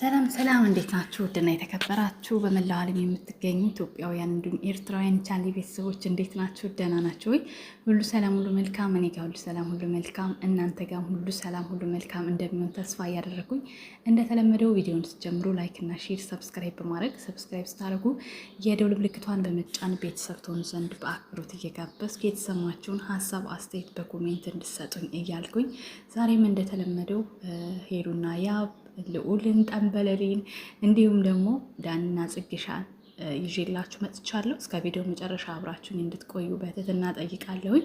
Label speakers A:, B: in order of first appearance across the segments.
A: ሰላም ሰላም፣ እንዴት ናችሁ? ውድና የተከበራችሁ በመላው ዓለም የምትገኙ ኢትዮጵያውያን እንዲሁም ኤርትራውያን ቻሌ ቤተሰቦች እንዴት ናችሁ? ደህና ናችሁ ወይ? ሁሉ ሰላም፣ ሁሉ መልካም። እኔ ጋር ሁሉ ሰላም፣ ሁሉ መልካም። እናንተ ጋር ሁሉ ሰላም፣ ሁሉ መልካም እንደሚሆን ተስፋ እያደረኩኝ እንደተለመደው ቪዲዮን ስትጀምሩ ላይክ እና ሼር፣ ሰብስክራይብ በማድረግ ሰብስክራይብ ስታደርጉ የደውል ምልክቷን በመጫን ቤተሰብ ትሆኑ ዘንድ በአክብሮት እየጋበዝኩ የተሰማችሁን ሀሳብ አስተያየት በኮሜንት እንድሰጡኝ እያልኩኝ ዛሬም እንደተለመደው ሄዱና ያብ ልዑልን ጠንበለሌን እንዲሁም ደግሞ ዳንና ጽጌሻን ይዤላችሁ መጥቻለሁ። እስከ ቪዲዮ መጨረሻ አብራችሁን እንድትቆዩ በትህትና ጠይቃለሁኝ።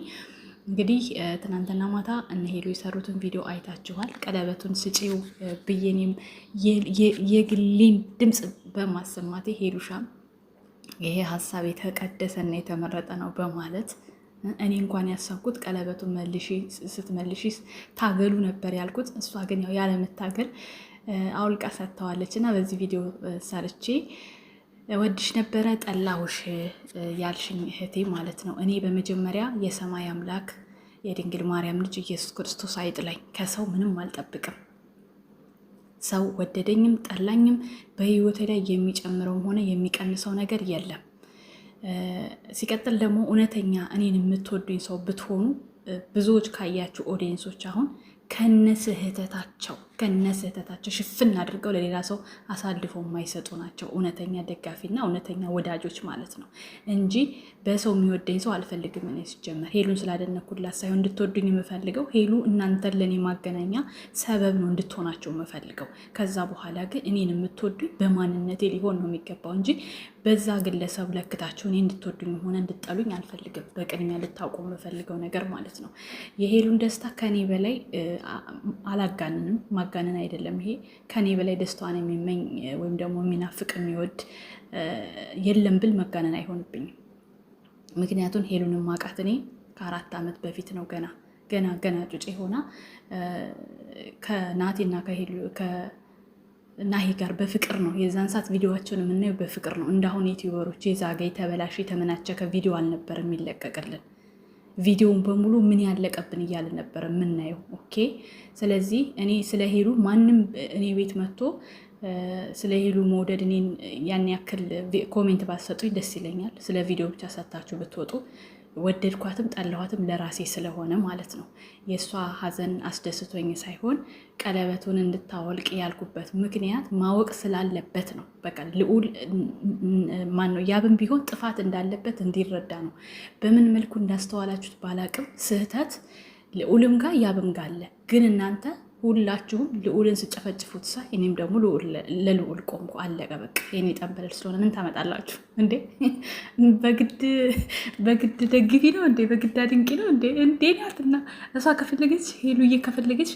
A: እንግዲህ ትናንትና ማታ እነ ሄሉ የሰሩትን ቪዲዮ አይታችኋል። ቀለበቱን ስጪው ብዬኔም የግሊን የግሌን ድምፅ በማሰማቴ ሄሉሻም ይሄ ሀሳብ የተቀደሰና የተመረጠ ነው በማለት እኔ እንኳን ያሰብኩት ቀለበቱን ስትመልሺ ታገሉ ነበር ያልኩት። እሷ ግን ያው ያለመታገል አውልቃ ሰጥተዋለች እና በዚህ ቪዲዮ ሰርቼ ወድሽ ነበረ ጠላውሽ ያልሽኝ እህቴ ማለት ነው። እኔ በመጀመሪያ የሰማይ አምላክ የድንግል ማርያም ልጅ ኢየሱስ ክርስቶስ ላይ ከሰው ምንም አልጠብቅም። ሰው ወደደኝም ጠላኝም በህይወቴ ላይ የሚጨምረውም ሆነ የሚቀንሰው ነገር የለም። ሲቀጥል ደግሞ እውነተኛ እኔን የምትወዱኝ ሰው ብትሆኑ ብዙዎች ካያችሁ ኦዲየንሶች አሁን ከነስህተታቸው ከነ ስህተታቸው ሽፍን አድርገው ለሌላ ሰው አሳልፎ የማይሰጡ ናቸው። እውነተኛ ደጋፊና እውነተኛ ወዳጆች ማለት ነው እንጂ በሰው የሚወደኝ ሰው አልፈልግም። እኔ ሲጀመር ሄሉን ስላደነኩላት ሳይሆን እንድትወዱኝ የምፈልገው ሄሉ እናንተን ለእኔ ማገናኛ ሰበብ ነው እንድትሆናቸው የምፈልገው። ከዛ በኋላ ግን እኔን የምትወዱኝ በማንነቴ ሊሆን ነው የሚገባው እንጂ በዛ ግለሰብ ለክታችሁ እኔ እንድትወዱኝ ሆነ እንድጠሉኝ አልፈልግም። በቅድሚያ ልታውቁ የምፈልገው ነገር ማለት ነው የሄሉን ደስታ ከኔ በላይ አላጋንንም። ማጋነን አይደለም። ይሄ ከኔ በላይ ደስታዋን የሚመኝ ወይም ደግሞ የሚናፍቅ የሚወድ የለም ብል መጋነን አይሆንብኝም። ምክንያቱም ሄሉንም ማቃት እኔ ከአራት ዓመት በፊት ነው ገና ገና ገና ጩጬ ሆና ከናቴና ናሂ ጋር በፍቅር ነው የዛን ሰዓት ቪዲዮቸውን የምናየው በፍቅር ነው። እንዳሁን ዩቲዩበሮች የዛገ የተበላሸ የተመናቸከ ቪዲዮ አልነበር የሚለቀቅልን ቪዲዮውን በሙሉ ምን ያለቀብን እያለ ነበረ የምናየው። ኦኬ። ስለዚህ እኔ ስለ ሄሉ ማንም እኔ ቤት መጥቶ ስለ ሄሉ መውደድ እኔን ያን ያክል ኮሜንት ባትሰጡኝ ደስ ይለኛል። ስለ ቪዲዮ ብቻ ሰታችሁ ብትወጡ ወደድኳትም ጠላኋትም ለራሴ ስለሆነ ማለት ነው። የእሷ ሀዘን አስደስቶኝ ሳይሆን ቀለበቱን እንድታወልቅ ያልኩበት ምክንያት ማወቅ ስላለበት ነው። በቃ ልዑል ማን ነው ያብን ቢሆን ጥፋት እንዳለበት እንዲረዳ ነው። በምን መልኩ እንዳስተዋላችሁት ባላቅም ስህተት ልዑልም ጋር ያብም ጋር አለ። ግን እናንተ ሁላችሁም ልዑልን ስጨፈጭፉት ሳይ እኔም ደግሞ ለልዑል ቆምኩ። አለቀ በቃ። የኔ ጠንበለል ስለሆነ ምን ታመጣላችሁ እንዴ? በግድ ደግፊ ነው እንዴ? በግድ አድንቂ ነው እንዴ? እንዴ ናትና እሷ ከፈለገች ሄሉዬ ከፈለገች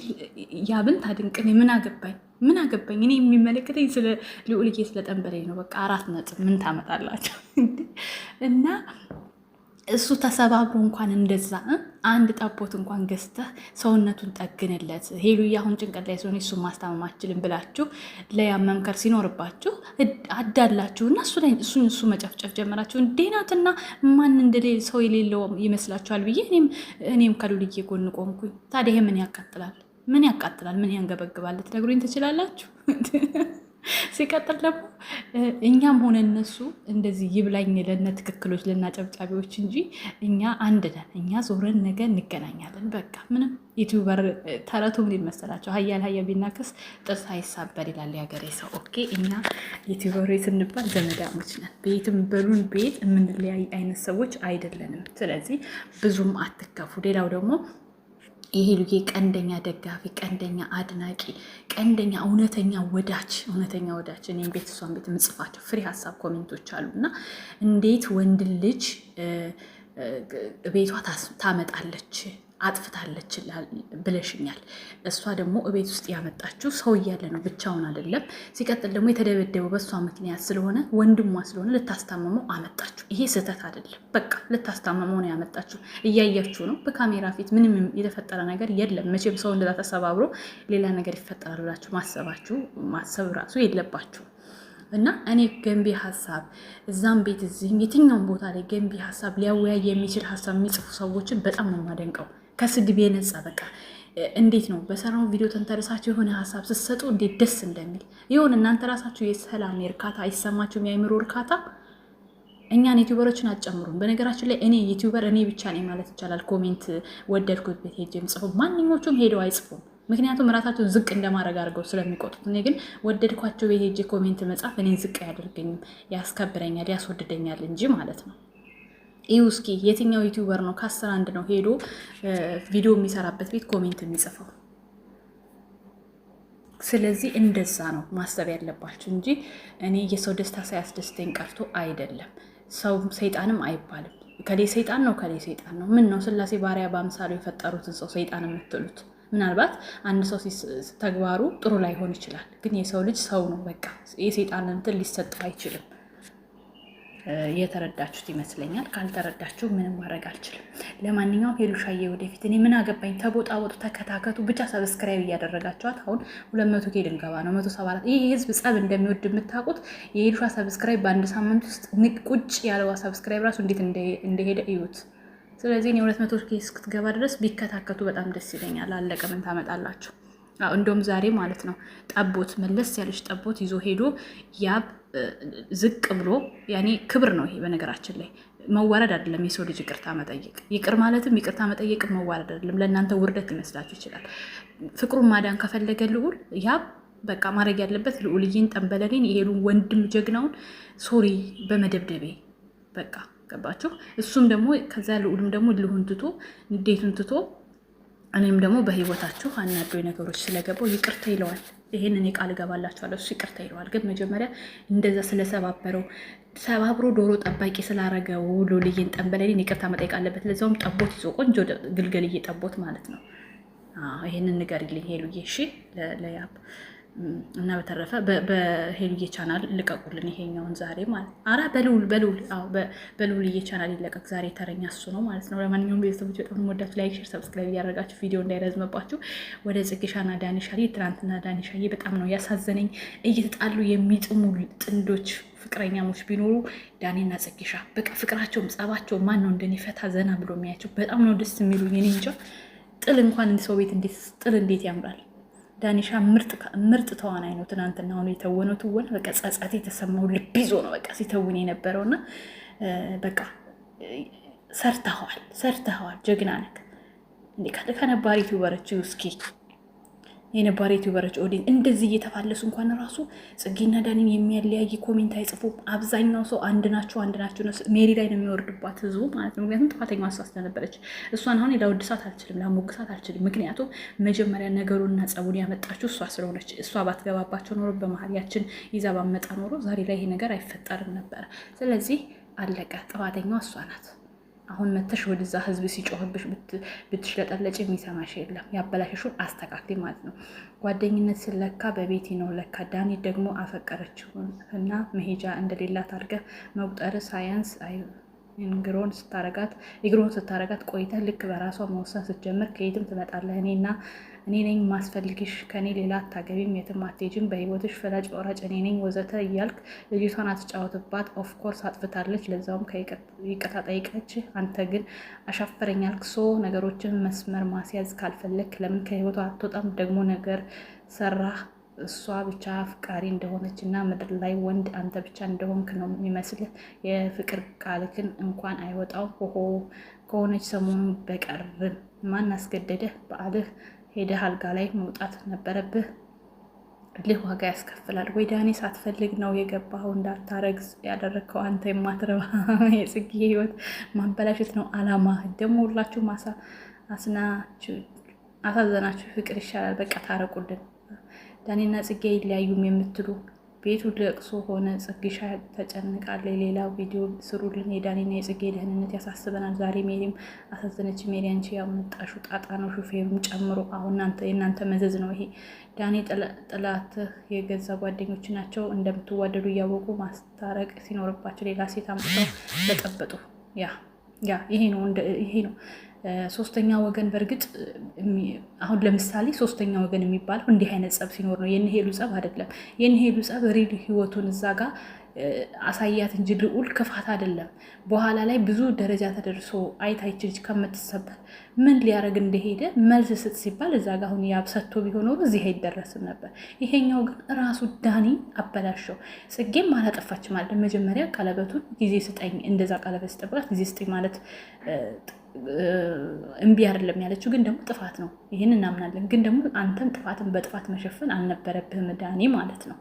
A: ያብን ታድንቅ። እኔ ምን አገባኝ? ምን አገባኝ? እኔ የሚመለከተኝ ስለ ልዑልዬ ስለ ጠንበለል ነው። በቃ አራት ነጥብ። ምን ታመጣላችሁ እና እሱ ተሰባብሮ እንኳን እንደዛ አንድ ጠቦት እንኳን ገዝተህ ሰውነቱን ጠግንለት ሄሉ አሁን ጭንቀት ላይ ሲሆን እሱን ማስታመም አችልም ብላችሁ ለያመምከር ሲኖርባችሁ አዳላችሁ እና እሱ ላይ እሱን እሱ መጨፍጨፍ ጀመራችሁ። እንዴናትና ማን እንደሌ ሰው የሌለው ይመስላችኋል ብዬ እኔም ከሉልዬ ጎን ቆምኩኝ። ታዲያ ይሄ ምን ያቃጥላል? ምን ያቃጥላል? ምን ያንገበግባል? ልትነግሩኝ ትችላላችሁ? ሲቀጥል ደግሞ እኛም ሆነ እነሱ እንደዚህ ይብላኝ ለነ ትክክሎች ለና ጨብጫቢዎች እንጂ እኛ አንድ ነን። እኛ ዞረን ነገ እንገናኛለን። በቃ ምንም ዩቲዩበር ተረቱ ምን ይመስላቸው? ሀያል ሀያ ቢናከስ ጥርስ አይሳበር ይላል የሀገሬ ሰው። ኦኬ እኛ ዩቲዩበር ስንባል ዘመዳሞች ነን። ቤትም በሉን ቤት የምንለያይ አይነት ሰዎች አይደለንም። ስለዚህ ብዙም አትከፉ። ሌላው ደግሞ የሄሉዬ ቀንደኛ ደጋፊ፣ ቀንደኛ አድናቂ፣ ቀንደኛ እውነተኛ ወዳች፣ እውነተኛ ወዳች እኔም ቤት እሷን ቤት የምጽፋቸው ፍሬ ሀሳብ ኮሜንቶች አሉ እና እንዴት ወንድ ልጅ ቤቷ ታመጣለች አጥፍታለች ብለሽኛል። እሷ ደግሞ እቤት ውስጥ ያመጣችው ሰው እያለ ነው፣ ብቻውን አይደለም። ሲቀጥል ደግሞ የተደበደበው በእሷ ምክንያት ስለሆነ ወንድሟ ስለሆነ ልታስታመመው አመጣችሁ። ይሄ ስህተት አይደለም። በቃ ልታስታመመው ነው ያመጣችው። እያያችሁ ነው በካሜራ ፊት። ምንም የተፈጠረ ነገር የለም። መቼም ሰው እንደዛ ተሰባብሮ ሌላ ነገር ይፈጠራል ብላችሁ ማሰባችሁ ማሰብ ራሱ የለባችሁ። እና እኔ ገንቢ ሀሳብ እዛም ቤት እዚህም የትኛውም ቦታ ላይ ገንቢ ሀሳብ ሊያወያይ የሚችል ሀሳብ የሚጽፉ ሰዎችን በጣም ነው የማደንቀው። ከስድብ የነጻ በቃ እንዴት ነው በሰራው ቪዲዮ ተንተርሳችሁ የሆነ ሀሳብ ስትሰጡ እንዴት ደስ እንደሚል ይሁን። እናንተ ራሳችሁ የሰላም እርካታ አይሰማችሁም? የአእምሮ እርካታ። እኛን ዩቲዩበሮችን አትጨምሩም። በነገራችን ላይ እኔ ዩቲዩበር እኔ ብቻ ነኝ ማለት ይቻላል። ኮሜንት ወደድኩበት ሄጅ የምጽፉ ማንኞቹም ሄደው አይጽፉም። ምክንያቱም ራሳቸው ዝቅ እንደማድረግ አድርገው ስለሚቆጡት። እኔ ግን ወደድኳቸው የሄጅ ኮሜንት መጻፍ እኔን ዝቅ አያደርገኝም፣ ያስከብረኛል፣ ያስወድደኛል እንጂ ማለት ነው። ኢውስኪ የትኛው ዩቲዩበር ነው ከአስር አንድ ነው ሄዶ ቪዲዮ የሚሰራበት ቤት ኮሜንት የሚጽፈው? ስለዚህ እንደዛ ነው ማሰብ ያለባችሁ እንጂ እኔ የሰው ደስታ ሳያስደስተኝ ቀርቶ አይደለም። ሰው ሰይጣንም አይባልም። ከሌ ሰይጣን ነው ከሌ ሰይጣን ነው። ምን ነው ስላሴ ባሪያ በአምሳሉ የፈጠሩትን ሰው ሰይጣን የምትሉት? ምናልባት አንድ ሰው ተግባሩ ጥሩ ላይሆን ይችላል፣ ግን የሰው ልጅ ሰው ነው። በቃ የሰይጣን እንትን ሊሰጠው አይችልም። የተረዳችሁት ይመስለኛል። ካልተረዳችሁ ምንም ማድረግ አልችልም። ለማንኛውም ሄሉሻዬ ወደፊት እኔ ምን አገባኝ፣ ተቦጣቦጡ፣ ተከታከቱ ብቻ ሰብስክራይብ እያደረጋችኋት አሁን ሁለት መቶ ኬ ልንገባ ነው። መቶ ሰባ አራት ይህ ህዝብ ጸብ እንደሚወድ የምታውቁት የሄሉሻ ሰብስክራይብ በአንድ ሳምንት ውስጥ ንቁጭ ያለዋ ሰብስክራይብ ራሱ እንዴት እንደሄደ እዩት። ስለዚህ እኔ ሁለት መቶ ኬ እስክትገባ ድረስ ቢከታከቱ በጣም ደስ ይለኛል። አለቀ። ምን ታመጣላችሁ? እንደውም ዛሬ ማለት ነው ጠቦት መለስ ያለች ጠቦት ይዞ ሄዶ ያብ ዝቅ ብሎ ያኔ ክብር ነው ይሄ በነገራችን ላይ መዋረድ አይደለም። የሰው ልጅ ይቅርታ መጠየቅ ይቅር ማለትም ይቅርታ መጠየቅ መዋረድ አይደለም። ለእናንተ ውርደት ሊመስላችሁ ይችላል። ፍቅሩን ማዳን ከፈለገ ልዑል ያ በቃ ማድረግ ያለበት ልዑልዬን፣ ጠንበለሌን፣ የሄሉን ወንድም ጀግናውን ሶሪ በመደብደቤ በቃ ገባችሁ። እሱም ደግሞ ከዛ ልዑልም ደግሞ ልሁን ትቶ ንዴቱን ትቶ እኔም ደግሞ በህይወታችሁ አናዶኝ ነገሮች ስለገባው ይቅርታ ይለዋል። ይህን እኔ ቃል እገባላችኋለሁ። እሱ ይቅርታ ይለዋል። ግን መጀመሪያ እንደዛ ስለሰባበረው ሰባብሮ ዶሮ ጠባቂ ስላረገው ሉልዬን ጠንበለሌን ይቅርታ መጠየቅ አለበት። ለዛውም ጠቦት ይዞ ቆንጆ ግልገልዬ ጠቦት ማለት ነው። ይህንን ንገሪልኝ ሄሉዬ። እሺ ለያብ እና በተረፈ በሄሉዬ ቻናል ልቀቁልን ይሄኛውን ዛሬ ማለት አራ በልውል በልውል በልውልዬ ቻናል ይለቀቅ ዛሬ ተረኛ እሱ ነው ማለት ነው። ለማንኛውም ቤተሰቦች በጣም ወዳችሁ ላይክ፣ ሼር፣ ሰብስክራይብ እያደረጋችሁ ቪዲዮ እንዳይረዝመባችሁ ወደ ጽጌሻና ዳኒሻዬ ትናንትና ዳኒሻዬ በጣም ነው ያሳዘነኝ። እየተጣሉ የሚጥሙ ጥንዶች ፍቅረኛሞች ቢኖሩ ዳኔና ጽጌሻ በቃ ፍቅራቸውም ጸባቸው ማን ነው እንደኔ ፈታ ዘና ብሎ የሚያቸው በጣም ነው ደስ የሚሉኝ። እኔ እንጃ ጥል እንኳን ሰው ቤት ጥል እንዴት ያምራል። ዳኒሻ ምርጥ ተዋናይ ነው። ትናንትና ሆኖ የተወነው ትወና በቃ ጸጸት የተሰማው ልብ ይዞ ነው በቃ ሲተውን የነበረው እና በቃ ሰርተኸዋል፣ ሰርተኸዋል፣ ጀግና ነህ። ከነባሪ ቲዩበሮች እስኪ የነባር ዩቲዩበሮች ኦዲን እንደዚህ እየተፋለሱ እንኳን ራሱ ጽጌና ዳኒን የሚያለያይ ኮሜንት አይጽፉም። አብዛኛው ሰው አንድ ናቸው አንድ ናቸው ነው። ሜሪ ላይ ነው የሚወርድባት ህዝቡ ማለት ነው። ምክንያቱም ጥፋተኛ እሷ ስለነበረች እሷን አሁን ላወድሳት አልችልም፣ ላሞግሳት አልችልም። ምክንያቱም መጀመሪያ ነገሩና ጸቡን ያመጣችው እሷ ስለሆነች እሷ ባትገባባቸው ኖሮ በመሀል ያችን ይዛ ባመጣ ኖሮ ዛሬ ላይ ይሄ ነገር አይፈጠርም ነበረ። ስለዚህ አለቀ። ጥፋተኛዋ እሷ ናት። አሁን መተሽ ወደዛ ህዝብ ሲጮህብሽ ብትሽለጠለጭ የሚሰማሽ የለም። ያበላሸሹን አስተካክል ማለት ነው። ጓደኝነት ስለካ በቤት ነው ለካ። ዳኒ ደግሞ አፈቀረችውን እና መሄጃ እንደሌላት አድርገ መቁጠር ሳያንስ እግሮን ስታረጋት ቆይተ ልክ በራሷ መወሰን ስትጀምር ከየትም ትመጣለህ እኔና እኔ ነኝ ማስፈልግሽ፣ ከኔ ሌላ አታገቢም፣ የትም አትሄጂም፣ በህይወትሽ ፈላጭ ቆራጭ እኔ ነኝ ወዘተ እያልክ ልጅቷን አትጫወትባት። ኦፍኮርስ አጥፍታለች፣ ለዛውም ይቅርታ ጠይቀች። አንተ ግን አሻፈረኝ አልክ። ሶ ነገሮችን መስመር ማስያዝ ካልፈለግ ለምን ከህይወቷ አትወጣም? ደግሞ ነገር ሰራህ። እሷ ብቻ አፍቃሪ እንደሆነች እና ምድር ላይ ወንድ አንተ ብቻ እንደሆንክ ነው የሚመስልህ። የፍቅር ቃልክን እንኳን አይወጣው ሆሆ ከሆነች ሰሞኑን በቀርን ማን አስገደደህ በአልህ ሄደህ አልጋ ላይ መውጣት ነበረብህ። ልህ ዋጋ ያስከፍላል ወይ ዳኒ ሳትፈልግ ነው የገባኸው እንዳታረግዝ ያደረግከው አንተ የማትረባ የጽጌ ህይወት ማበላሸት ነው አላማ ደግሞ ሁላችሁ አሳዘናችሁ ፍቅር ይሻላል በቃ ታረቁልን ዳኔና ጽጌ ይለያዩም የምትሉ ቤቱ ለቅሶ ሆነ። ጽግሻ ተጨንቃለች። ሌላ ቪዲዮ ስሩልን። የዳኒና የጽጌ ደህንነት ያሳስበናል። ዛሬ ሜሪም አሳዘነች። ሜሪ አንቺ ያመጣሽው ጣጣ ነው፣ ሹፌሩም ጨምሮ። አሁን የእናንተ መዘዝ ነው ይሄ። ዳኒ ጥላትህ የገዛ ጓደኞች ናቸው። እንደምትዋደዱ እያወቁ ማስታረቅ ሲኖርባቸው ሌላ ሴት አምጥተው በጠበጡ። ያ ያ ይሄ ነው ይሄ ነው ሶስተኛ ወገን በእርግጥ አሁን ለምሳሌ ሶስተኛ ወገን የሚባለው እንዲህ አይነት ጸብ ሲኖር ነው። የእነሄሉ ጸብ አይደለም። የእነሄሉ ጸብ ሪል ህይወቱን እዛ ጋር አሳያት እንጂ ልዑል ክፋት አይደለም። በኋላ ላይ ብዙ ደረጃ ተደርሶ አይታይች ልጅ ከምትሰበር ምን ሊያደርግ እንደሄደ መልስ ስጥ ሲባል እዛ ጋ አሁን ያብሰቶ ቢሆን ኖሮ እዚህ አይደረስም ነበር። ይሄኛው ግን ራሱ ዳኒ አበላሸው። ጽጌም አላጠፋችም ማለት መጀመሪያ ቀለበቱን ጊዜ ስጠኝ እንደዛ ቀለበት ስጠብቃት ጊዜ ስጠኝ ማለት እምቢ አይደለም ያለችው፣ ግን ደግሞ ጥፋት ነው። ይህን እናምናለን። ግን ደግሞ አንተም ጥፋትን በጥፋት መሸፈን አልነበረብህም ዳኒ ማለት ነው።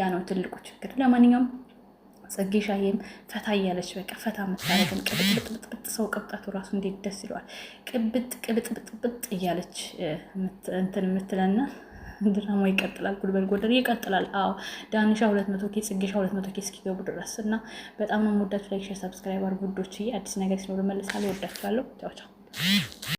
A: ያ ነው ትልቁ ችግር። ለማንኛውም ጽጌ ሻዬም ፈታ እያለች በቃ ፈታ መታረግን ቅብጥብጥብጥ ሰው ቅብጣቱ ራሱ እንዴት ደስ ይለዋል። ቅብጥ ቅብጥብጥብጥ እያለች እንትን የምትለና ድራማ ይቀጥላል። ጉልበል ጎደር ይቀጥላል። አዎ ዳንሻ ሁለት መቶ ኬ ጽጌሻ ሁለት መቶ ኬ እስኪገቡ ድረስ እና በጣም ነው የምወዳችሁ። ላይክ፣ ሼር፣ ሰብስክራይብ አድርጉ ውዶችዬ። አዲስ ነገር ሲኖር እመልሳለሁ። እወዳችኋለሁ። ቻው ቻው